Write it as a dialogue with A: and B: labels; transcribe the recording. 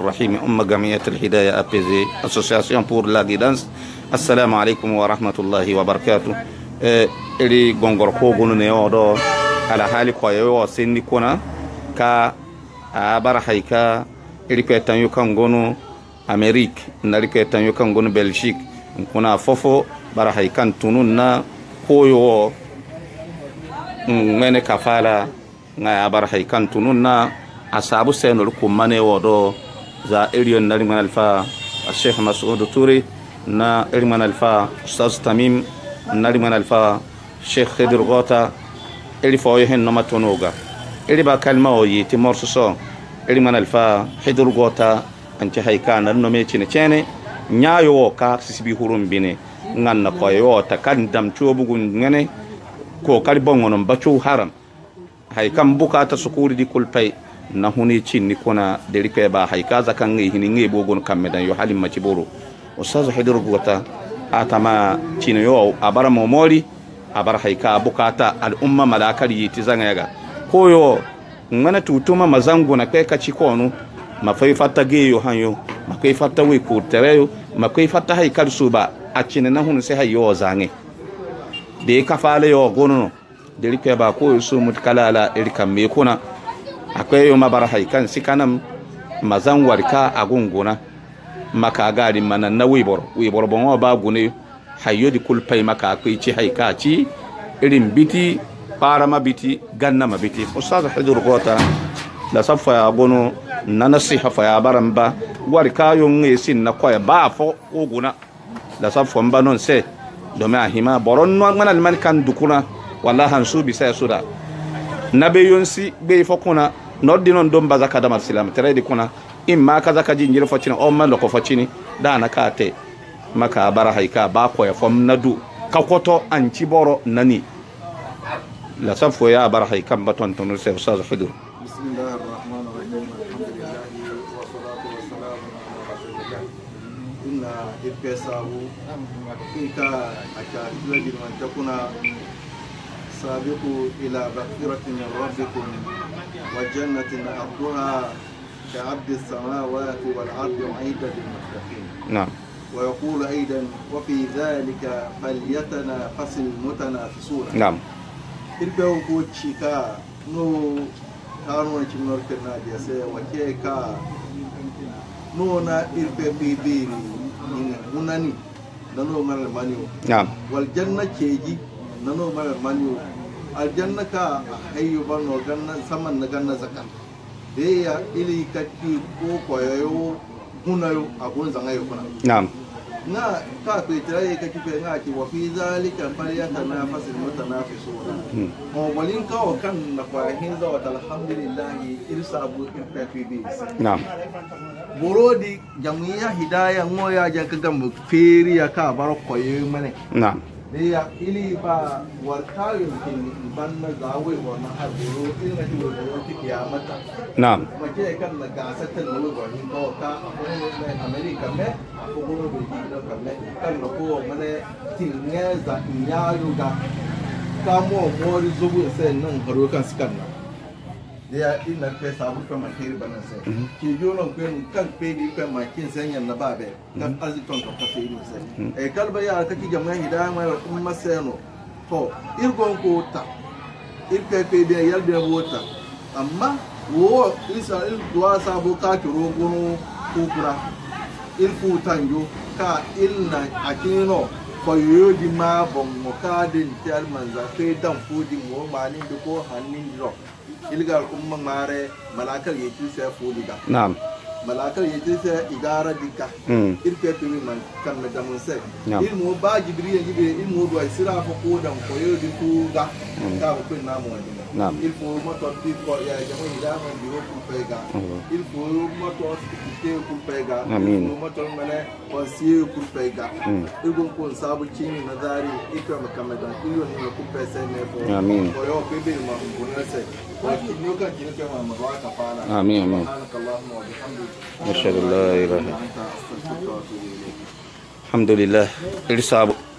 A: Rahim, Umma Gamiyat al-Hidayah Association pour la guidance. Assalamu alaikum wa rahmatullahi wa barakatuh. Eli eh, gongor ko gonu odo ala hali ko yo sendi kona ka abara haika eli ko tan kan gonu Amerique ndari ko tan yo kan gonu Belgique kuna fofo bara haikan tunun na koyo ngene kafala ngaya bara haikan tunun asabu senol kumane wodo za elion na elimu alfaa Sheikh Masoud Turi na elimu Alfa Ustaz Tamim na elimu alfaa Sheikh Khidir Gota eli foyo hen no matonoga eli kalma oyi timor soso so Alfa man Khidir Gota anti haykana no me chene nyayo wo ka sisibi hurum bine nganna ko yo ta kan dam chobu gun ngane ko kali bongono bachu haram hay kam bukata sukuri di kulpay na huni chin ni kona delika ba hay kaza kan ngi hini ngi bogon kamme dan yo halim maciboro ustaz hidir gota atama chin yo abara momori abara hay ka bukata al umma malakari tizanga yaga koyo ngana tutuma mazangu na kai kaci kono mafai fata geyo hanyo makai fata we ko tereyo makai fata hay kal suba a chin na huni sai hayo zange de kafale yo gono delika ba koyo su mutkalala irkan me kuna kweyo mabara haikan sikanam mazan warka agunguna maka gari mana na wibor wibor bongo ba gune hayo di kulpai maka kwe ci haika ci irin biti para ma biti ganna ma biti ustaz hidur gota da safa ya gono na nasiha fa ya baran ba warka yon sin na koya ba fo oguna da safa mba non se domin a hima boron nuwa mana alman kan dukuna wallahan su bisa ya suda na beyonsi bai fokuna noddino ndon mbaza kadamat silama teredi kuna imma kaza kaji jiro focini o man loko focini dana ka te maka bara hay ka ba koya fom nadu ka koto an nani la safo ya bara hay kam baton tonu se ustaz hudur
B: bismillahir rahmanir rahim alhamdulillah ipesa ita سابقوا إلى مغفرة من ربكم وجنة عرضها كعبد السماوات والأرض عيدا للمتقين نعم ويقول أيضا وفي ذلك فليتنافس المتنافسون نعم إربعوا كوتشيكا نو كانوا نشمنور كناديا سي وكيكا نو نا إربع بيبيني هناني نو مرمانيو نعم والجنة كيجي nanomar manu aljanna ka hayyu barno ganna saman na zakan da ili kaki ko kwayayo hunayo abun zangayo kuna na'am na ka to itiraye kaki fe nga ki wa fi zalika falyata nafasil mutanafisun hmm. mo walin ka wa kan na kwa hinza wa alhamdulillah irsa abu kafidi na'am borodi jamiya hidaya ngoya ja feriya ka bar koyo mane na'am they actually ba wartayin kin ban na zawe wa na hagoro in na hiwo da yake kiyamata na'am mace kan na gasa ta na wa hin ba ta akwai america me ko go be di da kan me kan na ko mana tin ne za in ya yuga kamo mori zubu sai nan haro kan sikan na ya ina kwe sabu kwe makiri bana se ki yono kwe kan kwe ni kwe makin se nyan na babe kan azi ton ka kwe ni se e kalba ya ta ki jama'a hidaya mai kun maseno to irgon ko ta irke kwe bi yal bi wota amma wo isa il duwa sabo ka kiro gono ko kura il futanjo ka il na akino kwayo di ma bon mo ka de ti al manza ke dan fu di mo ma ni de ko hanin rock ilgal kuma mare malakal yake sai fu di ga na'am malakal yetisa idara dika hmm. irke pimi man kan me damun se il mo ba jibril jibril il mo do sira fo ko dam ko yo di ku ga hmm. ta ko pin na mo ni il fo mo to ti ko ya ja mo ida man di ko pe ga hmm. il fo mo to ti te ko pe ga il fo mo to mane on si ko pe ga il go ko sabu chini na dari ikra me kameda il yo ni ko pe se me fo ko yo pe be ma ko na se آمين آمين
A: أشهد أن لا إله
B: إلا
A: الحمد لله الرسالة